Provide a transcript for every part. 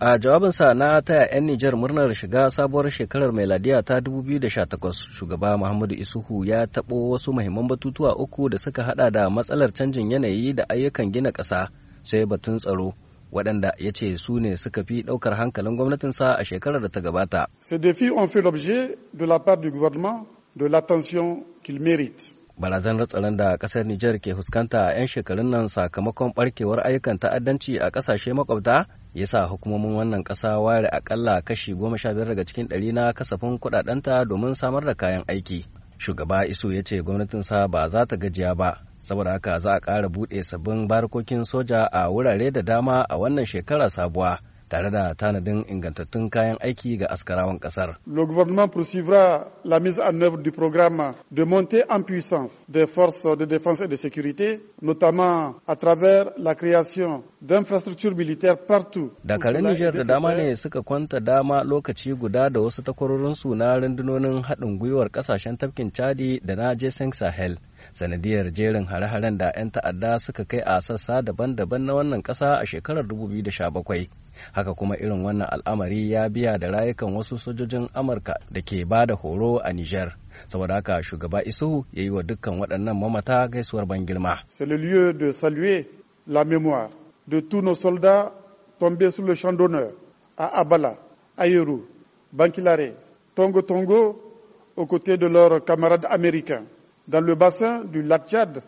A jawabinsa na taya 'yan Nijar murnar shiga sabuwar shekarar mai ladiya ta 2018 shugaba Muhammadu Isuhu ya taɓo wasu mahimman batutuwa uku da suka hada da matsalar canjin yanayi da ayyukan gina ƙasa sai batun tsaro waɗanda ya ce su ne suka fi ɗaukar hankalin gwamnatinsa a shekarar da ta gabata. fait l'objet de la de l'attention barazanar tsaron da kasar Nijar ke fuskanta a 'yan shekarun nan sakamakon barkewar ayyukan ta'addanci a kasashe makwabta ya sa hukumomin wannan kasa ware akalla kashi goma sha biyar daga cikin ɗari na kasafin kuɗaɗenta domin samar da kayan aiki. Shugaba Isu ya ce gwamnatin sa ba za ta gajiya ba, saboda haka za a ƙara buɗe sabbin barkokin soja a wurare da dama a wannan shekara sabuwa. tare da tanadin ingantattun kayan aiki ga askarawan kasar. Le gouvernement poursuivra la mise en œuvre du programme de montée en puissance des forces de défense et de sécurité, notamment à travers la création d'infrastructures militaires partout. Dakarun Nijar da dama ne suka kwanta dama lokaci guda da wasu takwarorinsu na rundunonin haɗin gwiwar ƙasashen tafkin Chadi da na Jesseng Sahel. sanadiyar jerin hare-haren da 'yan ta'adda suka kai a sassa daban-daban na wannan kasa a shekarar 2017 haka kuma irin wannan al'amari ya biya da rayukan wasu sojojin amurka da ke ba da horo a niger saboda haka shugaba isuhu ya yi wa dukkan waɗannan mamata gaisuwar ban girma de tous nos soldats le Bankilare, Tongo Tongo, aux côtés de leurs camarades américains. dans le bassin du lac Tchad,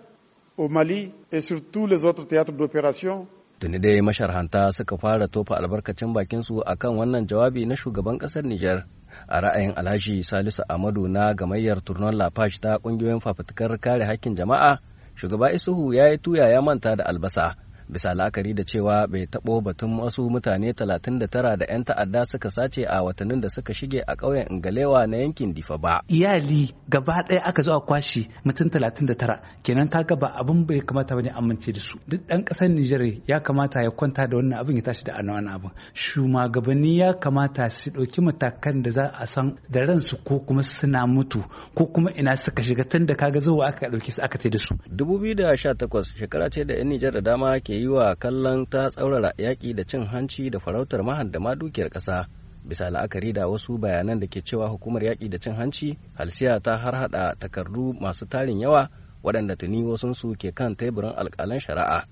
au Mali et sur tous les autres théâtres d'opération tuni dai masharhanta suka fara tofa albarkacin bakinsu a kan wannan jawabi na shugaban kasar Nijar. A ra'ayin Alhaji Salisu Amadu na gamayyar turnon Lafash ta kungiyoyin fafutukar kare hakkin jama'a, shugaba Isuhu ya yi tuya ya manta da albasa. bisa la'akari da cewa bai taɓo batun wasu mutane 39 da 'yan ta'adda suka sace a watannin da suka shige a ƙauyen ingalewa na yankin difa ba iyali gaba ɗaya aka zo a kwashe mutum 39 kenan kaga ba abin bai kamata bane amince da su duk ɗan ƙasar Nijar ya kamata ya kwanta da wannan abin ya tashi da wani abin shugabanni ya kamata su ɗauki matakan da za a san da ransu ko kuma suna mutu ko kuma ina suka shiga tun da kaga zuwa aka ɗauki su aka tai da su 2018 shekara ce da 'yan Nijar da dama ke yi wa kallon ta tsaurara yaƙi da cin hanci da farautar mahandama dukiyar ƙasa bisa la'akari da wasu bayanan da ke cewa hukumar yaƙi da cin hanci halsiya ta har harhaɗa takardu masu tarin yawa waɗanda tuni wasunsu ke kan teburin alƙalan shari'a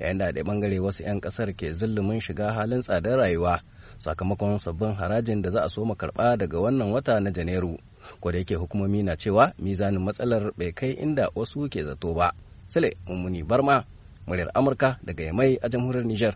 yayin da da bangare wasu 'yan ƙasar ke zillumin shiga halin tsadar rayuwa sakamakon sabbin harajin da za a so karɓa daga wannan wata na janairu ko da yake hukumomi na cewa mizanin matsalar bai kai inda wasu ke zato ba sile mummuni barma muryar amurka daga yamai a jamhuriyar niger